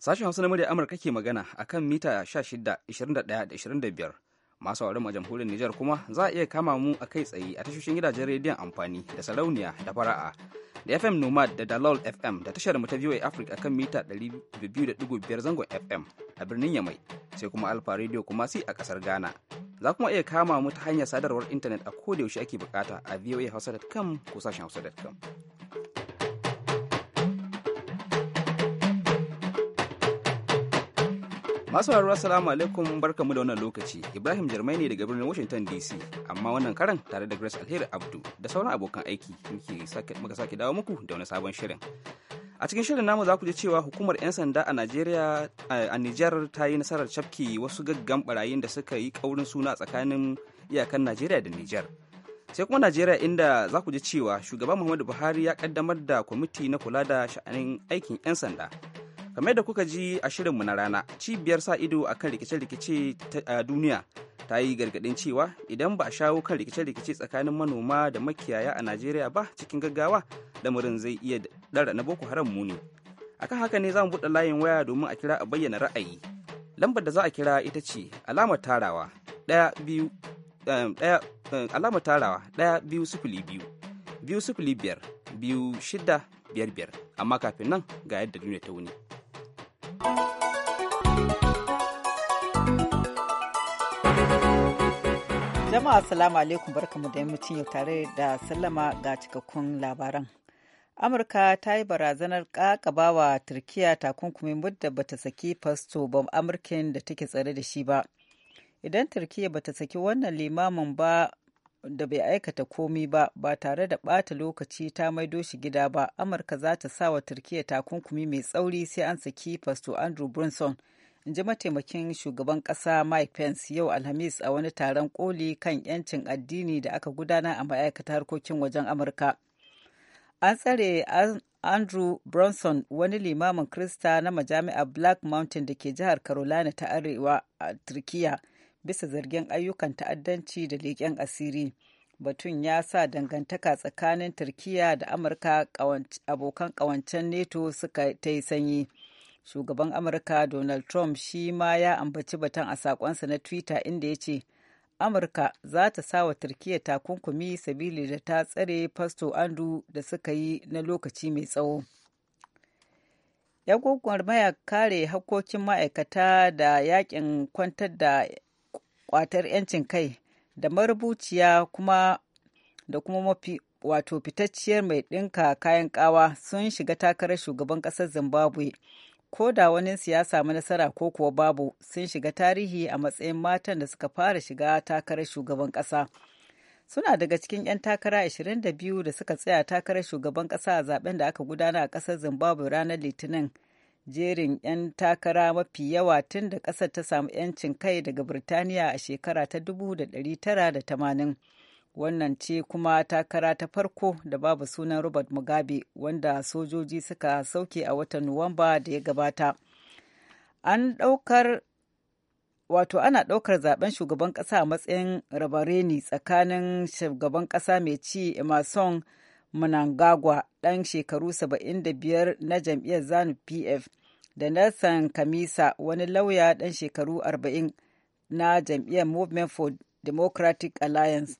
Sashen Hausa na murya Amurka ke magana a kan mita 16, 21 25. Masu sauraron a jamhuriyar Nijar kuma za a iya kama mu a kai tsaye a tashoshin gidajen rediyon amfani da sarauniya da fara'a da FM Nomad da Dalol FM da tashar mu ta VOA Africa kan mita 200.5 zangon FM a birnin Yamai sai kuma Alfa Radio kuma si a kasar Ghana. Za kuma iya kama mu ta hanyar sadarwar intanet a kodayaushe ake bukata a voahausa.com ko sashen hausa.com. Masu haruwa salamu alaikum barkamu da wannan lokaci. Ibrahim Jarmai ne daga birnin Washington DC, amma wannan karan tare da Grace Alheri Abdu da sauran abokan aiki muka sake dawo muku da wani sabon shirin. A cikin shirin namu za ku ji cewa hukumar 'yan sanda a Najeriya a Nijar ta yi nasarar cafke wasu gaggan barayin da suka yi kaurin suna tsakanin iyakan Najeriya da Nijar. Sai kuma Najeriya inda za ku ji cewa shugaban Muhammadu Buhari ya kaddamar da kwamiti na kula da sha'anin aikin 'yan sanda. kamar da kuka ji a shirinmu na rana cibiyar sa ido a kan rikice-rikice a duniya ta yi gargaɗin cewa idan ba a shawo kan rikice-rikice tsakanin manoma da makiyaya a najeriya ba cikin gaggawa lamarin zai iya ɗara na boko haram muni akan haka ne za mu buɗe layin waya domin a kira a bayyana ra'ayi lambar da za a kira ita ce alamar tarawa ɗaya biyu um, um, alamar biyu biyu biyu biyar biyu shida biyar biyar amma kafin nan ga yadda duniya ta wuni. Jama'a salamu alaikum barkamu da yammacin yau tare da sallama ga cikakkun labaran. Amurka ta yi barazanar kakabawa Turkiya takunkumin ba bata saki fasto ba Amurkin da take tsare da shi ba. Idan Turkiya bata saki wannan limamin ba da bai aikata komi ba ba tare da ɓata lokaci ta maido shi gida ba amurka za ta sa wa turkiya takunkumi mai tsauri sai an saki fasto andrew brunson in ji mataimakin shugaban ƙasa mike pence yau alhamis a wani taron koli kan 'yancin addini da aka gudana a ma'aikatar harkokin wajen amurka an tsare andrew brunson wani limamin krista na majami'ar black mountain da ke jihar carolina ta arewa a turkiya bisa zargin ayyukan ta'addanci da leƙen asiri batun ya sa dangantaka tsakanin turkiya da amurka abokan ƙawancen neto suka ta yi sanyi shugaban amurka donald trump shi ma ya ambaci batun a sakonsa na twitter inda ya ce amurka za ta sa wa turkiya takunkumi sabili da ta tsare fasto andu da suka yi na lokaci mai tsawo yan gwagwarmaya kare hakkokin ma'aikata da yakin kwantar da kwatar 'yancin kai da marubuciya kuma da kuma mafi wato fitacciyar mai ɗinka kayan kawa sun shiga takarar shugaban ƙasar zimbabwe ko da wani ya samu nasara ko kuwa babu sun shiga tarihi a matsayin matan da suka fara shiga takarar shugaban ƙasa suna daga cikin 'yan takara 22 da suka tsaya takarar shugaban ƙasa a zaben da aka gudana a ƙasar zimbabwe ranar litinin jerin 'yan takara mafi yawa tun da ƙasar ta samu 'yancin kai daga Birtaniya a shekara ta 1980. Wannan ce kuma takara ta farko da babu sunan Robert Mugabe wanda sojoji suka sauke a watan Nuwamba da ya gabata. An ɗaukar wato ana ɗaukar zaben shugaban ƙasa a matsayin rabareni tsakanin shugaban ƙasa mai ci Emerson Mnangagwa ɗan shekaru 75 na jam'iyyar ZANU PF da Nelson Kamisa wani lauya ɗan shekaru 40 na jam'iyyar Movement for Democratic Alliance.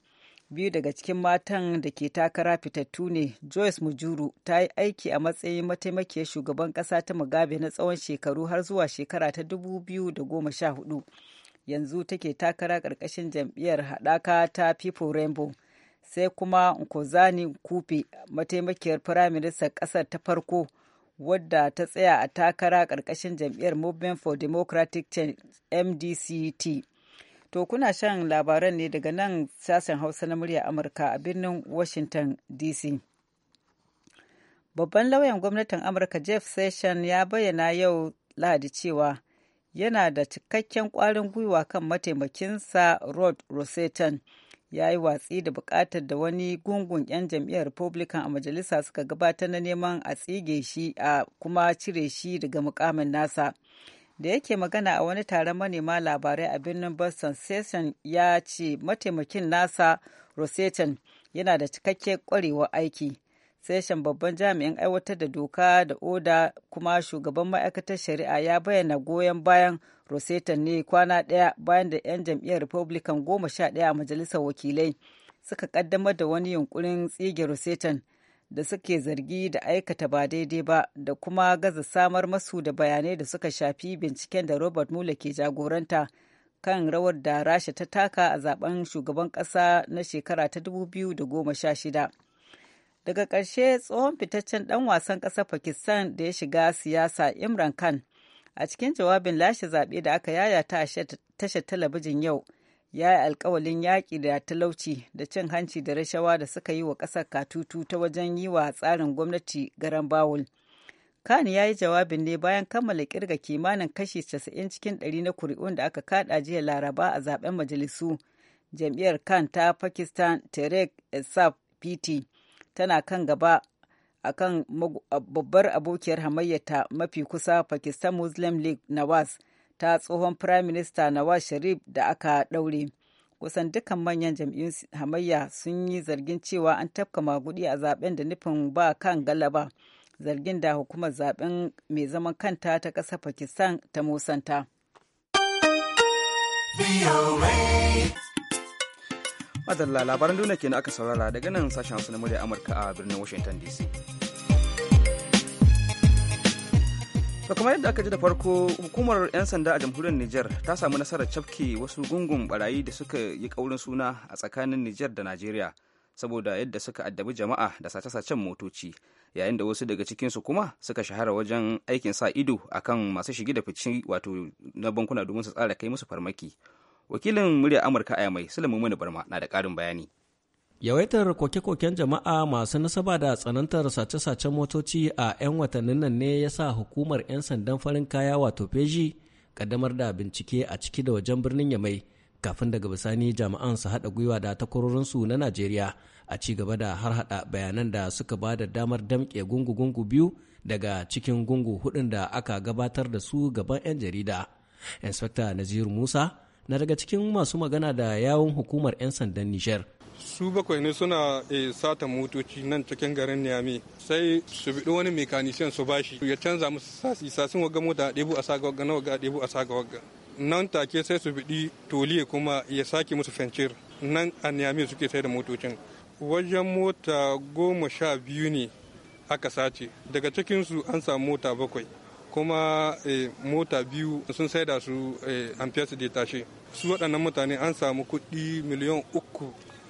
Biyu daga cikin matan da ke takara fitattu ne, Joyce Mujuru ta yi aiki a matsayin mataimakiyar shugaban ƙasa ta Mugabe na tsawon shekaru har zuwa shekara ta 2014. Yanzu take takara ƙarƙashin jam'iyyar haɗaka ta People Rainbow. Sai kuma Nkozani Kupe, mataimakiyar Firaministan ƙasar ta farko. wadda ta tsaya a takara ƙarƙashin jam'iyyar Movement for Democratic Change MDCT. To kuna shan labaran ne daga nan sashen Hausa na murya Amurka a birnin Washington DC. Babban lauyan gwamnatin Amurka Jeff Sessions ya bayyana yau Lahadi cewa yana da cikakken kwarin gwiwa kan mataimakinsa Rod Rosetan ya yi watsi da bukatar da wani gungun 'yan jam'iyyar republican a majalisa suka gabatar na neman a tsige shi a kuma cire shi daga mukamin nasa da yake magana a wani taron manema labarai a birnin boston session ya ce mataimakin nasa Rosetton yana da cikakken kwarewar aiki sashen babban jami'in aiwatar da doka da oda kuma shugaban ma'aikatar shari'a ya bayyana goyon bayan rosetta ne kwana ɗaya bayan da 'yan jam'iyyar republican goma sha ɗaya a majalisar wakilai suka kaddamar da wani yunkurin tsige rosetta da suke zargi da aikata ba daidai ba da kuma gaza samar masu da bayanai da suka shafi binciken da robert mueller ke jagoranta kan rawar da rasha ta taka a zaben shugaban ƙasa na shekara ta 2016 daga ƙarshe tsohon fitaccen ɗan wasan ƙasar pakistan da ya shiga siyasa imran khan a cikin jawabin lashe zaɓe da aka yaya a tashar talabijin yau ya yi alkawalin yaƙi da talauci da cin hanci da rashawa da suka yi wa ƙasar katutu ta wajen yi wa tsarin gwamnati garan bawul khan ya yi jawabin ne bayan kammala kirga kimanin kashi 90 cikin 100 na kuri'un da aka kada jiya laraba a zaben majalisu jam'iyyar khan ta pakistan terek esaf pt tana kan gaba a kan babbar abokiyar hamayyata mafi kusa Pakistan Muslim League Nawaz ta tsohon Prime Minister Nawaz Sharif da aka ɗaure. Kusan dukkan manyan jam'iyyun hamayya sun yi zargin cewa an tafka magudi a zaben da nufin ba kan galaba, zargin da hukumar zaben mai zaman kanta ta ƙasar Pakistan ta musanta. madalla labaran duniya kenan aka saurara daga nan sashen hausa na murya amurka a birnin washington dc to kuma yadda aka ji da farko hukumar 'yan sanda a jamhuriyar niger ta samu nasarar cafke wasu gungun barayi da suka yi kaurin suna a tsakanin niger da najeriya saboda yadda suka addabi jama'a da sace-sacen motoci yayin da wasu daga cikinsu kuma suka shahara wajen aikin sa ido akan masu shige da fice wato na bankuna domin su tsara kai musu farmaki wakilin murya amurka a mai sulaimu mani barma na da karin bayani yawaitar koke-koken jama'a masu nasaba da tsanantar sace-sacen motoci a 'yan watannin nan ne ya sa hukumar 'yan sandan farin kaya wato peji kaddamar da bincike a ciki da wajen birnin yamai kafin daga bisani jami'an su haɗa gwiwa da takwarorinsu na najeriya a ci gaba da har hada bayanan da suka ba da damar damƙe gungu-gungu biyu daga cikin gungu hudun da aka gabatar da su gaban 'yan jarida inspector naziru musa na daga cikin masu magana da yawon hukumar 'yan sandan Nijar. Su bakwai ne suna eh, sata motoci nan cikin garin Niamey sai su biɗi wani mekanisiyan su bashi ya canza musu sasi sasin waga mota a ɗebu a saga waga na waga a ɗebu a saga waga. Nan take sai su biɗi toliye kuma ya sake musu fencir nan a Niamey suke sai da motocin. Wajen mota goma sha biyu ne aka sace daga cikinsu an samu mota bakwai kuma eh, mota biyu sun saida su eh, amfiyarsu da tashe su waɗannan mutane an samu kuɗi miliyan uku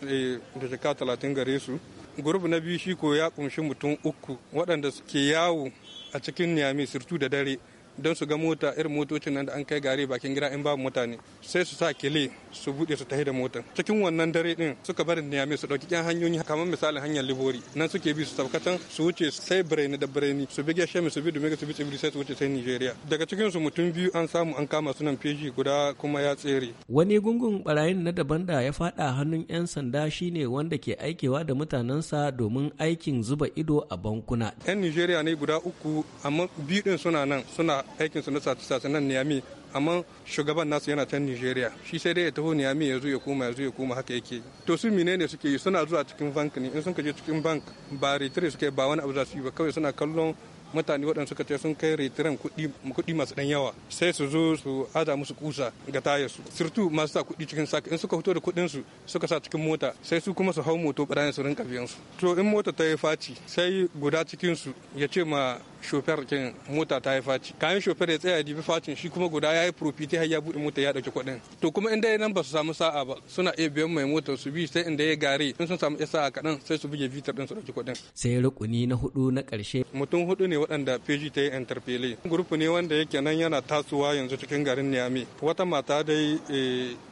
eh, da shekara talatin gare su gurbi na biyu shi ko ya kunshi mutum uku waɗanda suke yawo a cikin niyami sirtu da dare don su ga mota irin motocin nan da an kai gari bakin gida in babu mutane sai su sa kile su bude su tahi da motan cikin wannan dare din suka bari niyame su dauki kyan hanyoyi kamar misalin hanyar libori nan suke bi su tabkatan su wuce sai birane da birane su bi geshe su bi dume su bi tsibiri sai su wuce sai nigeria daga cikin su mutum biyu an samu an kama sunan feji guda kuma ya tsere wani gungun barayin na daban da ya fada hannun yan sanda shine wanda ke aikewa da mutanensa domin aikin zuba ido a bankuna yan nigeria ne guda uku amma biyu din suna nan suna aikin su na sace-sace nan Niyami amma shugaban nasu yana can Nigeria shi sai dai ya taho Niyami ya zo ya koma ya zo ya koma haka yake to su ne suke yi suna zuwa cikin bank ne in sun kaje cikin bank ba retire suke ba wani abu za su yi ba kawai suna kallon mutane waɗanda suka ce sun kai retiran kuɗi masu ɗan yawa sai su zo su aza musu kusa ga tayar su surtu masu sa kuɗi cikin sak in suka fito da kuɗin su suka sa cikin mota sai su kuma su hau moto barayin su rinka biyan su to in mota ta yi faci sai guda cikin su ya ce ma shofar kin mota ta yi faci kayan shofar ya tsaya dibi facin shi kuma guda ya yi profiti har ya buɗe mota ya ɗauki kuɗin to kuma inda nan ba su samu sa'a ba suna iya biyan mai motar su bi sai inda ya gare in sun samu ya sa'a kaɗan sai su buge vitar ɗin su ɗauki kuɗin. sai rukuni na hudu na ƙarshe. mutum hudu ne waɗanda peji ta yi interpele gurupu ne wanda yake nan yana tasowa yanzu cikin garin niyami wata mata dai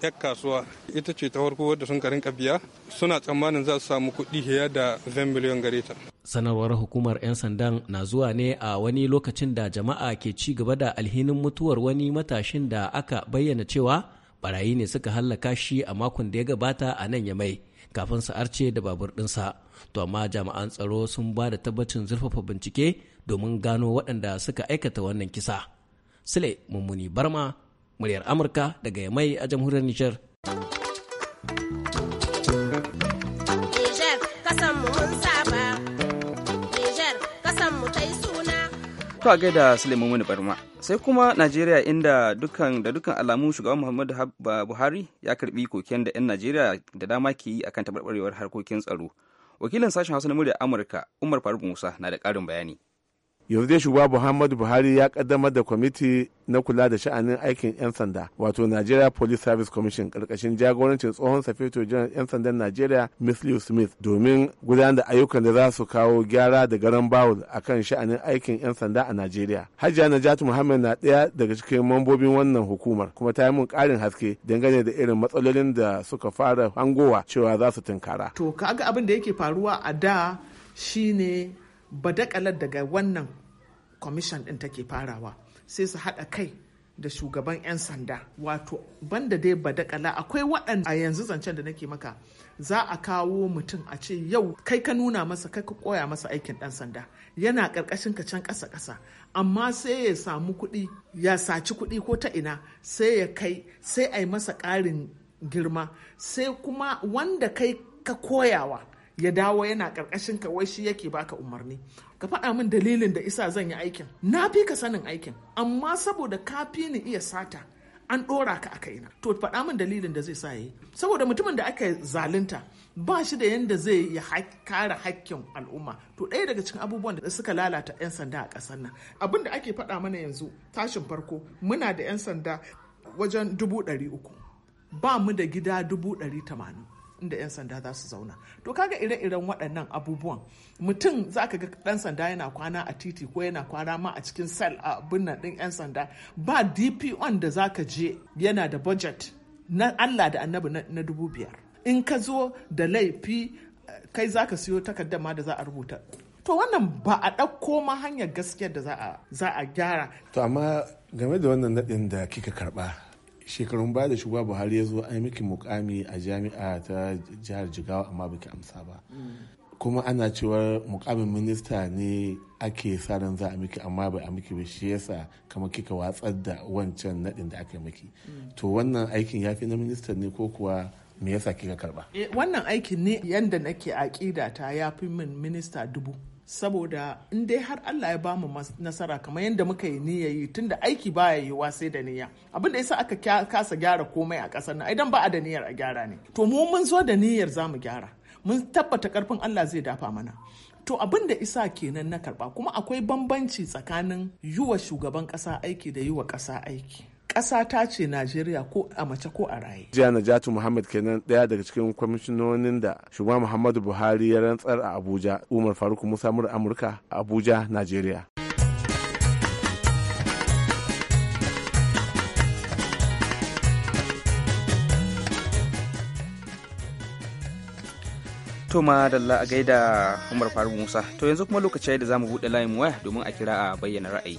yak eh, kasuwa ita ce ta farko wadda sun karin kabiya suna tsammanin za su samu kuɗi fiye da 20 miliyan gare sanarwar hukumar 'yan sandan na zuwa ne a wani lokacin da jama'a ke ci gaba da alhinin mutuwar wani matashin da aka bayyana cewa barayi ne suka hallaka shi a makon da ya gabata a nan yamai kafin su arce da babur ɗinsa to amma jami'an tsaro sun ba da tabbacin zurfafa bincike domin gano waɗanda suka aikata wannan kisa sule mummuni barma muryar amurka daga yamai a jamhuriyar nijar To a gaida Suleiman Mani Barma. Sai kuma Najeriya inda dukan da dukan alamu shugaban Muhammadu Buhari ya karbi koken da 'yan Najeriya da dama ke yi akan taɓarɓarewar harkokin tsaro. Wakilin sashen Hausa na murya Amurka Umar Faruk Musa na da ƙarin bayani. yanzu dai shugaba muhammadu buhari ya kaddamar da kwamiti na kula da sha'anin aikin 'yan sanda wato nigeria police service commission karkashin jagorancin tsohon safeto jiran 'yan sandan nigeria misliu smith domin gudanar da ayyukan da za su kawo gyara da garan bawul kan sha'anin aikin 'yan sanda a nigeria hajiya najatu muhammad na ɗaya daga cikin mambobin wannan hukumar kuma ta yi mun ƙarin haske dangane da irin matsalolin da suka fara hangowa cewa za su tunkara to kaga abin da yake faruwa a da shine badakalar daga wannan commission ɗin take farawa sai su haɗa kai da shugaban 'yan sanda wato banda dai badakala akwai waɗanda a yanzu zancen da nake maka za a kawo mutum a ce yau kai ka nuna masa kai ka koya masa aikin ɗan sanda yana ƙarƙashin ka can ƙasa ƙasa amma sai ya samu kuɗi ya saci kuɗi ko ta ina sai ya kai sai a yi masa ƙarin girma sai kuma wanda kai ka koyawa ya dawo yana karkashin ka wai shi yake baka umarni ka faɗa min dalilin da isa zan yi aikin na fi ka sanin aikin amma saboda ka fi ni iya sata an ɗora ka a kaina to faɗa min dalilin da zai sa yi saboda mutumin da aka zalunta ba shi da yadda zai ya kare hakkin al'umma to ɗaya daga cikin abubuwan da suka lalata 'yan sanda a ƙasar nan abin da ake faɗa mana yanzu tashin farko muna da 'yan sanda wajen dubu ɗari uku ba mu da gida dubu ɗari tamanin inda 'yan sanda za su zauna to kaga ire-iren waɗannan abubuwan mutum za ka ga ɗan sanda yana kwana a titi ko yana kwana ma a cikin sel a binnan ɗin 'yan sanda ba on da za ka je yana da budget na allah da annabi na dubu biyar in ka zo da laifi kai za ka siyo takardar ma da za a rubuta to wannan ba a ɗauko ma hanyar gaskiyar da za a gyara to amma game da wannan naɗin da kika karɓa shekarun baya da shugaba buhari ya zo an miki mukami a jami'a ta jihar jigawa amma baki amsa ba kuma ana cewa mukamin minista ne ake sa ran za a miki amma bai a miki ba shi yasa kamar kika watsar da wancan nadin da aka miki to wannan aikin ya fi na minista ne ko kuwa me yasa kika karba eh, wannan aikin ne yanda nake aƙida ta ya fi min minista dubu saboda in dai har Allah ya bamu nasara kamar yadda muka yi niyya yi da aiki ba baya yiwuwa sai da niyya abin da yasa aka kasa gyara komai a ƙasar nan idan ba a da niyyar a gyara ne to mu mun zo da niyyar mu gyara mun tabbata karfin Allah zai dafa mana to abin da isa kenan na karba kuma akwai bambanci tsakanin yiwa shugaban ƙasa aiki da yiwa ƙasa aiki ƙasa ta ce Najeriya ko a mace ko a raye. Jiya Najatu Muhammad kenan ɗaya daga cikin kwamishinonin da shugaba Muhammadu Buhari ya rantsar a Abuja, Umar Faruk Musa Mura Amurka, a Abuja, Najeriya. to a gaida umar faruk musa to yanzu kuma lokaci da za mu buɗe layin waya domin a kira a bayyana ra'ayi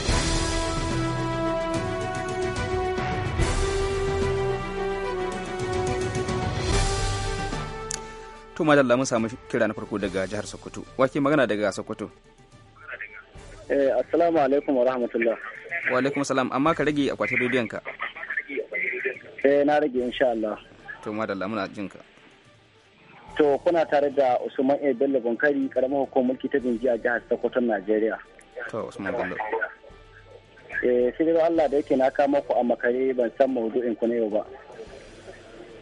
To madalla mun samu kira na farko daga jihar Sokoto. Wake magana daga Sokoto. Eh assalamu alaikum wa rahmatullah. Wa alaikum salam amma ka rage akwatin rediyon ka. Eh na rage insha Allah. To madalla muna jin ka. To kuna tare da Usman A Bello Bankari karamar hukumar mulki ta Binji a jihar Sokoto Najeriya. To Usman Bello. Eh sai Allah da yake na kama ku a makare ban san maudu'in ku ne ba.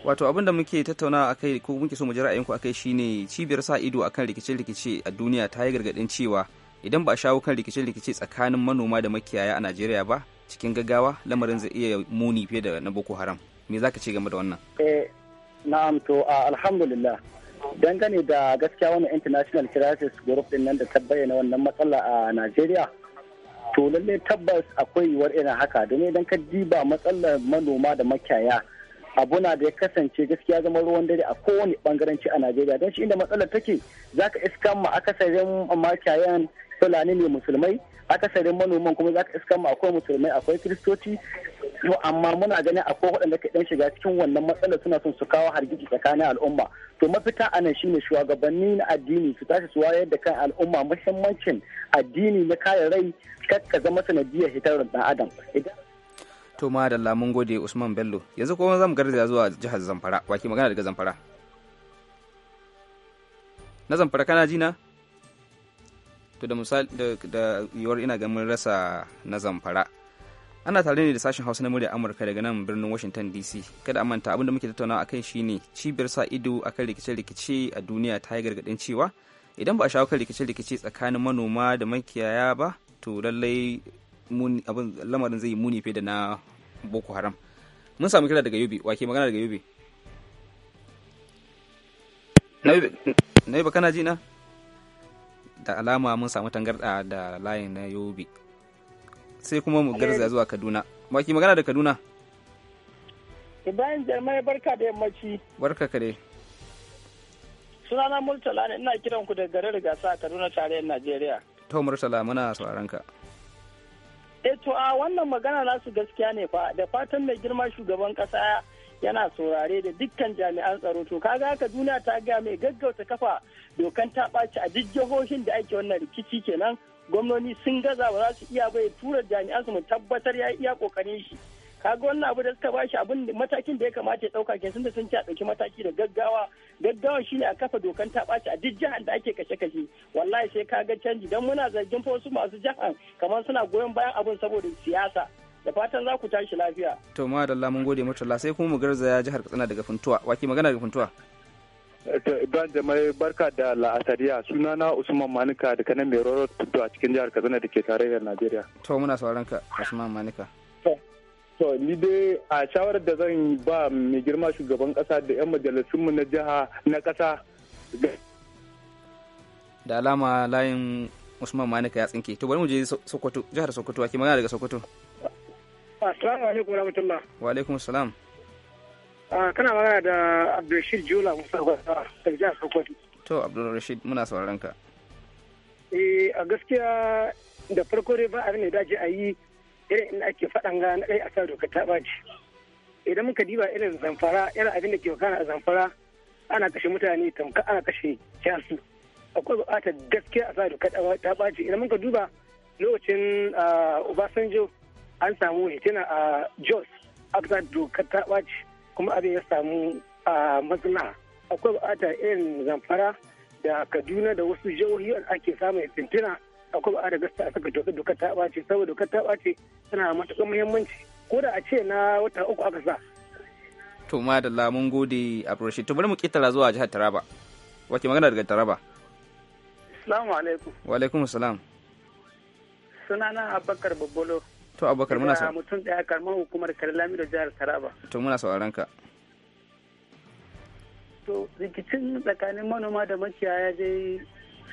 wato abin da muke tattauna kai ko muke so mu ji ra'ayinku shi ne cibiyar sa ido akan rikice-rikice a duniya ta yi gargaɗin cewa idan ba a shawo kan rikice-rikice tsakanin manoma da makiyaya a Najeriya ba cikin gaggawa lamarin zai iya muni fiye da na Boko Haram me zaka ce game da wannan eh na'am to alhamdulillah dangane da gaskiya wannan international crisis group din nan da ta bayyana wannan matsala a Najeriya to lallai tabbas akwai yiwuwar irin haka domin idan ka diba matsalar manoma da makiyaya abu na da ya kasance gaskiya zama ruwan dare a kowane bangaranci a najeriya don shi inda matsalar take zaka iska ma akasarin makiyayan fulani ne musulmai akasarin manoman kuma zaka iska ma akwai musulmai akwai kiristoci to amma muna ganin akwai waɗanda ka dan shiga cikin wannan matsalar suna son su kawo hargitsi tsakanin al'umma to mafita a nan shine shugabanni na addini su tashi su wayar da kan al'umma muhimmancin addini na kare rai kakka zama sanadiyar hitar dan adam idan to ma da lamun gode usman bello yanzu kuma zamu garzaya zuwa jihar zamfara wake magana daga zamfara na zamfara kana ji na to da misali da yiwuwar ina ganin rasa na zamfara ana tare ne da sashen hausa na murya amurka daga nan birnin washington dc kada manta abinda muke tattaunawa akan ne cibiyar sa ido akan rikice-rikice a duniya ta yi gargadin cewa idan ba a shawo kan rikice-rikice tsakanin manoma da makiyaya ba to lallai abin lamarin zai muni fe da na boko haram mun samu kira daga yobe wake magana daga yobe na yobe kana ji na da alama mun samu tangarda da layin na yobe sai kuma mu garza zuwa kaduna wake magana da kaduna ibrahim jarmai barka da yammaci barka ka dai sunana murtala ne ina kiran ku daga garin rigasa a kaduna tarayyar najeriya to murtala muna sauraron ka E to a wannan magana nasu gaskiya ne fa da fatan mai girma shugaban kasa yana saurare da dukkan jami'an tsaro to kaga haka duniya ta ga mai gaggauta kafa dokan ta ɓaci a duk jihohin da ake wannan rikici kenan gwamnoni sun gaza ba za su iya bai tura jami'an su mu tabbatar ya iya kokarin shi kaga wannan abu da suka bashi abin matakin da ya kamata ya dauka kenan da sun ci a dauki mataki da gaggawa gaggawa shine a kafa dokan ta ɓaci a duk jihar da ake kashe kashe wallahi sai kaga canji dan muna zargin fa wasu masu jihar kamar suna goyon bayan abin saboda siyasa da fatan za ku tashi lafiya to ma da Allah mun gode mutalla sai kuma mu garzaya jihar Katsina daga Funtuwa waki magana daga Funtuwa eh, Ibrahim Jamai barka da la'asariya sunana Usman Manika da kanan mai rawar a cikin jihar Katsina da ke tarayyar Najeriya. To muna sauran ka Usman Manika. To ni dai a shawarar da zan ba mai girma shugaban kasa da 'yan majalisunmu na jiha na kasa. Da alama layin Usman Manika ya tsinke. To bari mu je Sokoto, jihar Sokoto, ake magana daga Sokoto. Assalamu alaikum rahmatullah. Wa alaikum salam. kana magana da Abdulrashid Jula Musa daga jihar Sokoto. To Abdulrashid muna sauraron ka. Eh a gaskiya da farko dai ba a ne dace a yi irin inda ake faɗan ga na ɗaya a sa doka ta ɓaci idan muka diba irin zamfara irin abin da ke wakana a zamfara ana kashe mutane tamka ana kashe kyasu akwai buƙatar gaskiya a sa doka ta ɓaci idan muka duba lokacin obasanjo an samu hitina a jos a sa doka ta ɓaci kuma abin ya samu a matsala akwai buƙatar irin zamfara da kaduna da wasu jihohi ake samun fitina akwai ba'a da gaskiya a saka dokar ta ɓace saboda dokar ta ɓace tana matuƙar muhimmanci ko da a ce na wata uku aka sa to ma da lamun gode a proshi to bari mu kitara zuwa jihar Taraba wace magana daga Taraba Assalamu alaikum wa alaikum assalam na Abubakar Babbolo to Abubakar muna sa mutum daya karman hukumar Karlami da jihar Taraba to muna sauraron ka to rikicin tsakanin manoma da makiyaya dai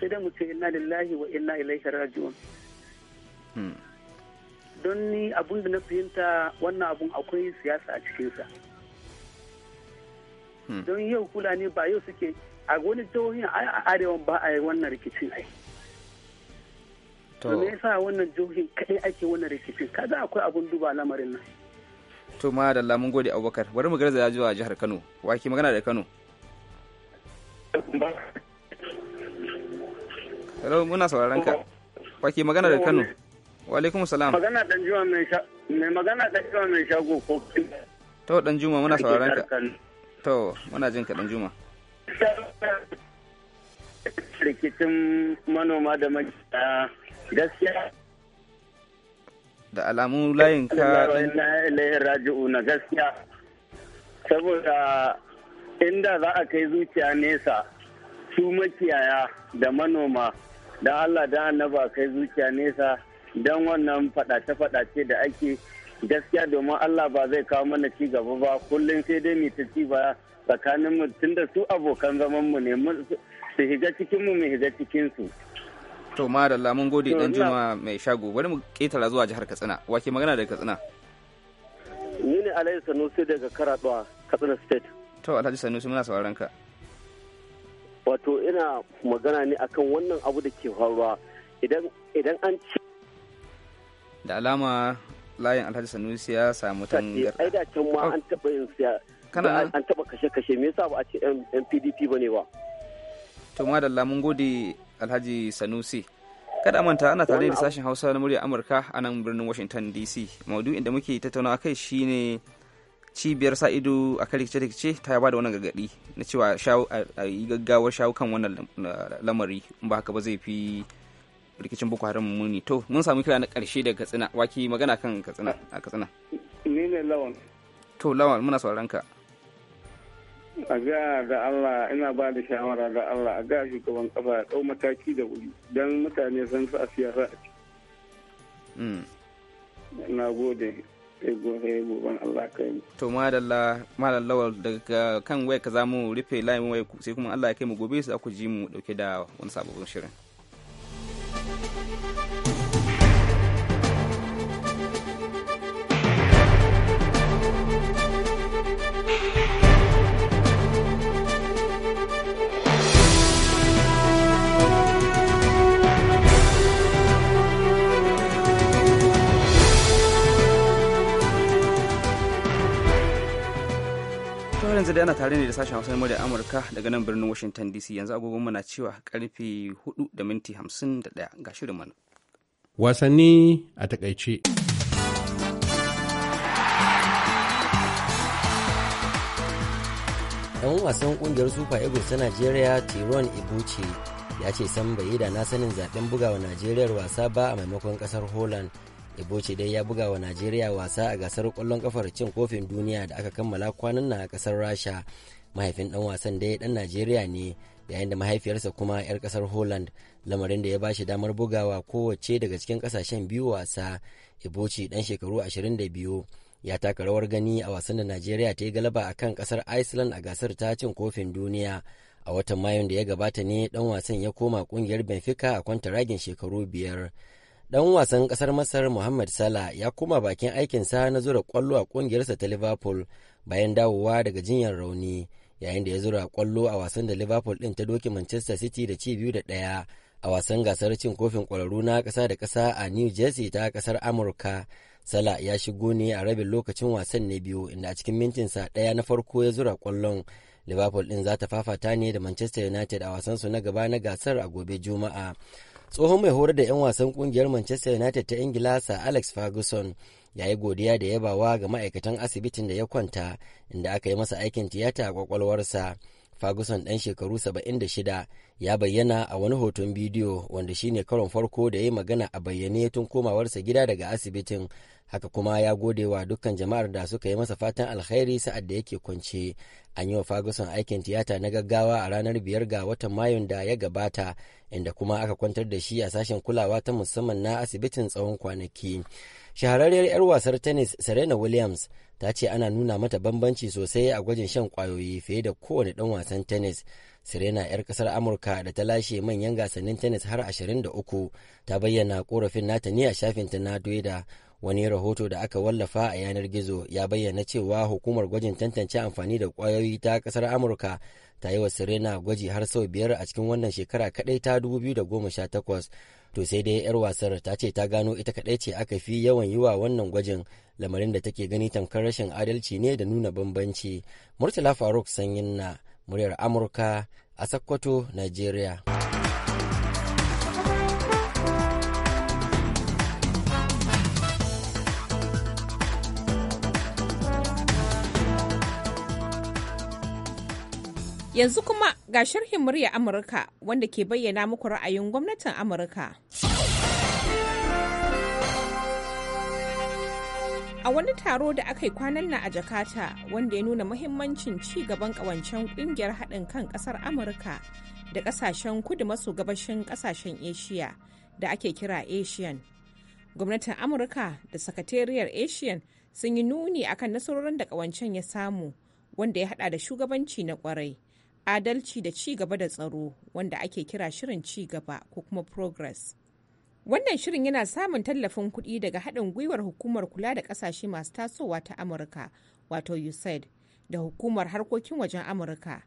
sai da mu ce inna lillahi wa inna ilaihi raji'un hmm. don ni abin da na fahimta wannan abun akwai siyasa a cikinsa hmm. don yau fulani ba yau suke a wani jihohin a arewan ba a yi wannan rikicin ai to me yasa wannan jihohin kadai ake wannan rikicin kaza akwai abun duba lamarin nan to ma da lamun gode abubakar bari mu garzaya zuwa jihar kano wake magana da kano Hello, muna sauraron ka. Wake magana da Kano. Wa alaikum salam. Magana dan juma mai mai magana dan juma mai shago ko To dan juma muna sauraron ka. To muna jin ka dan juma. Rikicin manoma da makiyaya gaskiya da alamu layin ka dan raji'u na gaskiya saboda inda za a kai zuciya nesa su makiyaya da manoma da Allah da annaba kai zuciya nesa don wannan fadace-fadace da ake gaskiya domin Allah ba zai kawo mana ci gaba ba kullum sai dai mu ta ci ba tsakanin mu tunda su abokan zaman mu ne su higa cikin mu mu higa cikin su to madalla mun gode dan juma mai shago bari mu ketara zuwa jihar Katsina wake magana daga Katsina ni ne Alhaji Sanusi daga Karaduwa Katsina State to Alhaji Sanusi muna sauraron ka wato ina magana ne akan wannan abu da ke faruwa idan idan an ci da alama layin alhaji sanusi ya samu tangar ai da can ma an taba yin siya kana an taba kashe kashe me yasa ba a ce yan PDP bane ba to da lamun gode alhaji sanusi kada manta ana tare da sashen hausa na murya amurka a nan birnin washington dc maudu'in da muke tattauna kai shine cibiyar sa ido a kan rikice-rikice ta ya da wannan gargaɗi na cewa a yi gaggawar shawo kan wannan lamari ba haka ba zai fi rikicin boko haram muni to mun samu kira na karshe daga katsina waki magana kan katsina a katsina ni ne lawan to lawan muna sauran ka a ga da Allah ina ba da shawara da Allah a ga shugaban kafa ya dau mataki da wuri don mutane sun su a siyasa a ciki mm. na gode To madalla madalla daga kan waya ka zamu rufe layin waya sai kuma Allah ya kai mu gobe sai ku ji mu dauke da wani sabon shirin. da yana tare ne da sashen hausa da amurka daga nan birnin washington dc yanzu agogon mana cewa karfe 4 da minti 51 ga shirin mana wasanni a takaice dan wasan kungiyar super eagles ta nigeria tyrone ibuchi ya ce san bai yi da na sanin zaben bugawa nigeria wasa ba a maimakon kasar holland iboce dai ya buga wa najeriya wasa a gasar kwallon kafar cin kofin duniya da aka kammala kwanan na a kasar rasha mahaifin dan wasan dai dan najeriya ne yayin da mahaifiyarsa kuma 'yar kasar holland lamarin da ya bashi damar bugawa kowace daga cikin kasashen biyu wasa iboci dan shekaru 22 ya taka rawar gani a wasan da najeriya ta yi galaba a kan kasar iceland a gasar ta cin kofin duniya a watan mayun da ya gabata ne dan wasan ya koma kungiyar benfica a kwantaragin shekaru biyar Dan wasan kasar Masar Muhammad Salah ya koma bakin aikin aikinsa na zura kwallo a kungiyarsa ta Liverpool bayan dawowa daga jinyar rauni yayin da ya zura kwallo a wasan da Liverpool din ta doke Manchester City da ci biyu da ɗaya a wasan gasar cin kofin kwararru na kasa da kasa a New Jersey ta kasar Amurka. Sala ya shigo ne a rabin lokacin wasan ne biyu inda a cikin mintinsa ɗaya na farko ya zura kwallon. Liverpool ɗin za ta fafata ne da Manchester United a wasan su na gaba na gasar a gobe Juma'a. tsohon mai horar da 'yan wasan kungiyar manchester united ta ingila sir alex ferguson ya yi godiya da yabawa ga ma'aikatan asibitin da ya kwanta inda aka yi masa aikin tiyata a kwakwalwarsa Ferguson ɗan shekaru 76 ya bayyana a wani hoton bidiyo wanda shine karon farko da ya yi magana a bayyane tun komawarsa gida daga asibitin haka kuma ya gode wa dukkan jama'ar da suka yi masa fatan alkhairi sa'ad da yake kwance an yi wa Ferguson aikin tiyata na gaggawa a ranar biyar ga watan mayun da ya gabata inda kuma aka kwantar da shi a sashen kulawa ta musamman na asibitin tsawon kwanaki shahararriyar 'yar wasar tennis serena williams ta ce ana nuna mata bambanci sosai a gwajin shan kwayoyi fiye da kowane ɗan wasan tennis sirena 'yar kasar amurka da ta lashe manyan gasannin tennis har 23 ta bayyana korafin nata ne a shafin ta na twitter wani rahoto da aka wallafa a yanar gizo ya bayyana cewa hukumar gwajin tantance amfani da kwayoyi ta kasar amurka ta yi wa sirena gwaji har sau biyar a cikin wannan shekara kadai ta 2018 to sai dai 'yar wasar ta ce ta gano ita kaɗai ce aka fi yawan yiwa wannan gwajin lamarin da take gani tamkar rashin adalci ne da nuna bambanci murtala faruk sanyin na muryar amurka a sakkwato nigeria Yanzu kuma ga sharhin murya Amurka wanda ke bayyana muku ra'ayin gwamnatin Amurka. A wani taro da aka yi kwanan nan a Jakarta wanda ya nuna muhimmancin ci gaban kawancen kungiyar haɗin kan ƙasar Amurka da ƙasashen kudu maso gabashin ƙasashen Asia da ake kira Asian. Gwamnatin Amurka da sakatariyar Asian sun yi nuni akan nasarorin da kawancen ya samu wanda ya haɗa da shugabanci na kwarai adalci da ci gaba da tsaro wanda ake kira shirin ci gaba ko kuma progress wannan shirin yana samun tallafin kuɗi daga haɗin gwiwar hukumar kula da ƙasashe masu tasowa ta amurka wato usaid da hukumar harkokin wajen amurka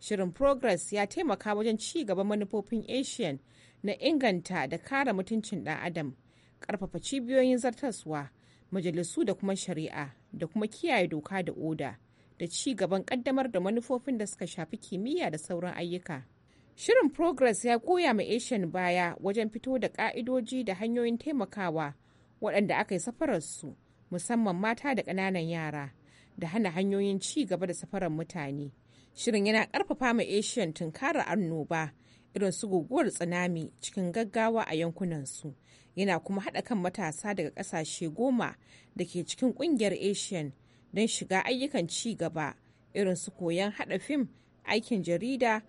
shirin progress ya taimaka wajen ci gaba manufofin asian na inganta da kare mutuncin ɗan adam ƙarfafa cibiyoyin zartaswa majalisu da kuma shari'a da kuma kiyaye doka da oda da ci gaban kaddamar da manufofin da suka shafi kimiyya da sauran ayyuka. Shirin Progress ya koya ma Asian baya wajen fito da ka'idoji da hanyoyin taimakawa waɗanda aka yi safararsu musamman mata da ƙananan yara da hana hanyoyin ci gaba da safarar mutane. Shirin yana ƙarfafa ma Asian tunkara annoba irin su guguwar tsunami cikin gaggawa a yankunansu. Yana kuma haɗa kan matasa daga ƙasashe goma da ke cikin ƙungiyar Asian don shiga ayyukan ci gaba irin su koyon haɗa fim aikin jarida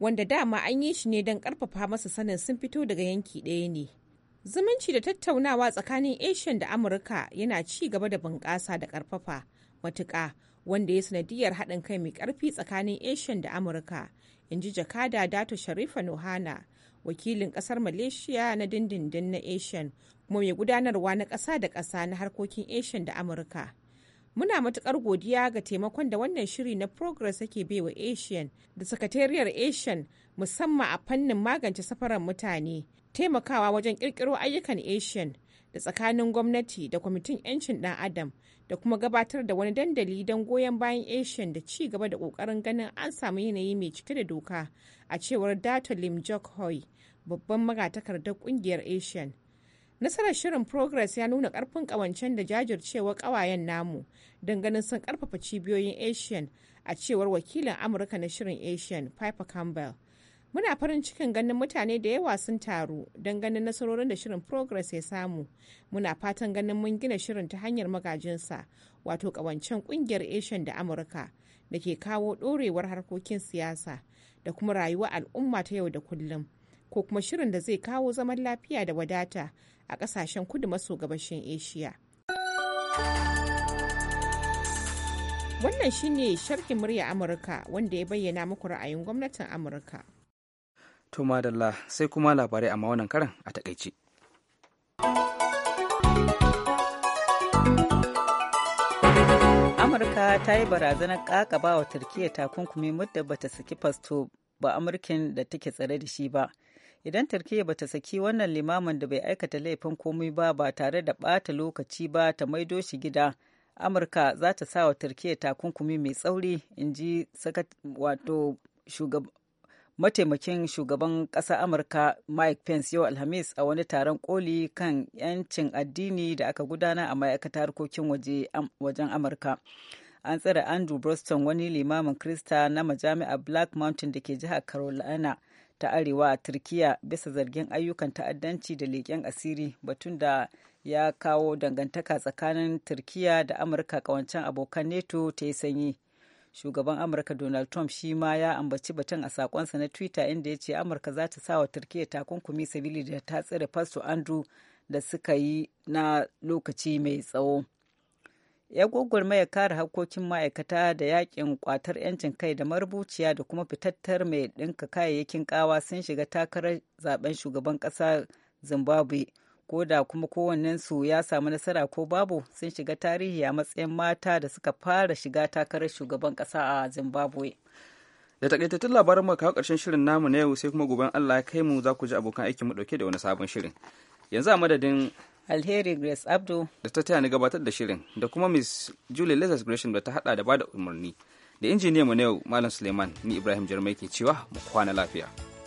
wanda dama an yi shi ne don ƙarfafa masa sanin sun fito daga yanki ɗaya ne zumunci da tattaunawa tsakanin asian da amurka yana ci gaba da bunƙasa da ƙarfafa matuƙa wanda ya sanadiyar haɗin kai mai ƙarfi tsakanin asian da amurka in ji jakada dato sharifa nohana wakilin ƙasar malaysia na dindindin na asian kuma mai gudanarwa na ƙasa da ƙasa na harkokin asian da amurka Muna matukar godiya ga taimakon da wannan shiri na Progress yake bai wa Asian da sakatariyar Asian musamman a fannin magance safarar mutane, taimakawa wajen kirkiro ayyukan Asian da tsakanin gwamnati da kwamitin 'yancin ɗan adam da kuma gabatar da wani dandali don goyon bayan Asian da ci gaba da ƙoƙarin ganin an samu yanayi mai cike da doka a cewar Dato Lim Jok Hoy, babban magatakardar ƙungiyar Asian. nasarar shirin progress ya nuna karfin kawancen da jajircewar kawayen namu don ganin sun karfafa cibiyoyin asian a cewar wakilin amurka na shirin asian piper campbell muna farin cikin ganin mutane da yawa sun taru don ganin nasarorin da shirin progress ya samu muna fatan ganin mun gina shirin ta hanyar magajinsa wato kawancen kungiyar asian da amurka da ke kawo dorewar harkokin siyasa da kuma rayuwa al'umma ta yau da kullum ko kuma shirin da zai kawo zaman lafiya da wadata a kasashen kudu maso gabashin Asia. Wannan shine sharkin murya Amurka wanda ya bayyana muku ra'ayin gwamnatin Amurka. To madalla sai kuma labarai amma wannan karan a takaice. amurka ta yi barazanar kakaba wa turkiyya takunkumi muddin bata saki fasto ba amurkin da take tsare da shi ba idan turkiyya bata saki wannan limamin da bai aikata laifin komai ba ba tare da bata lokaci ba ta maido shi gida amurka za ta sa wa turkiyya takunkumi mai tsauri in ji wato mataimakin shugaban ƙasa amurka mike pence yau alhamis a wani taron koli kan 'yancin addini da aka gudana a ma'aikatar harkokin wajen amurka an tsare andrew broston wani limamin krista na majami'ar black mountain da ke jihar carolina ta arewa a turkiya bisa zargin ayyukan ta'addanci da leƙen asiri batun da ya kawo dangantaka tsakanin turkiya da amurka kawancen abokan neto ta yi sanyi shugaban amurka donald trump shi ma ya ambaci batun a sakonsa na twitter inda ya ce amurka za ta sawa turkiya takunkumi sabili da ta tsire fasto andrew da suka yi na lokaci mai tsawo ya gwagwarmaya kare harkokin ma'aikata da yakin kwatar 'yancin kai da marubuciya da kuma fitattar mai ɗinka kayayyakin kawa sun shiga takarar zaben shugaban kasa zimbabwe ko da kuma kowannensu ya samu nasara ko babu sun shiga tarihi a matsayin mata da suka fara shiga takarar shugaban ƙasa a zimbabwe da takaitattun labaran mu kawo karshen shirin namu na yau sai kuma goben allah ya kai mu za ku ji abokan aikin mu dauke da wani sabon shirin yanzu a madadin alheri grace abdu da ta taya ni gabatar da shirin da kuma miss julie lizard gresham da ta hada da bada umarni da injiniya mu na yau malam suleiman ni ibrahim jarmai ke cewa mu kwana lafiya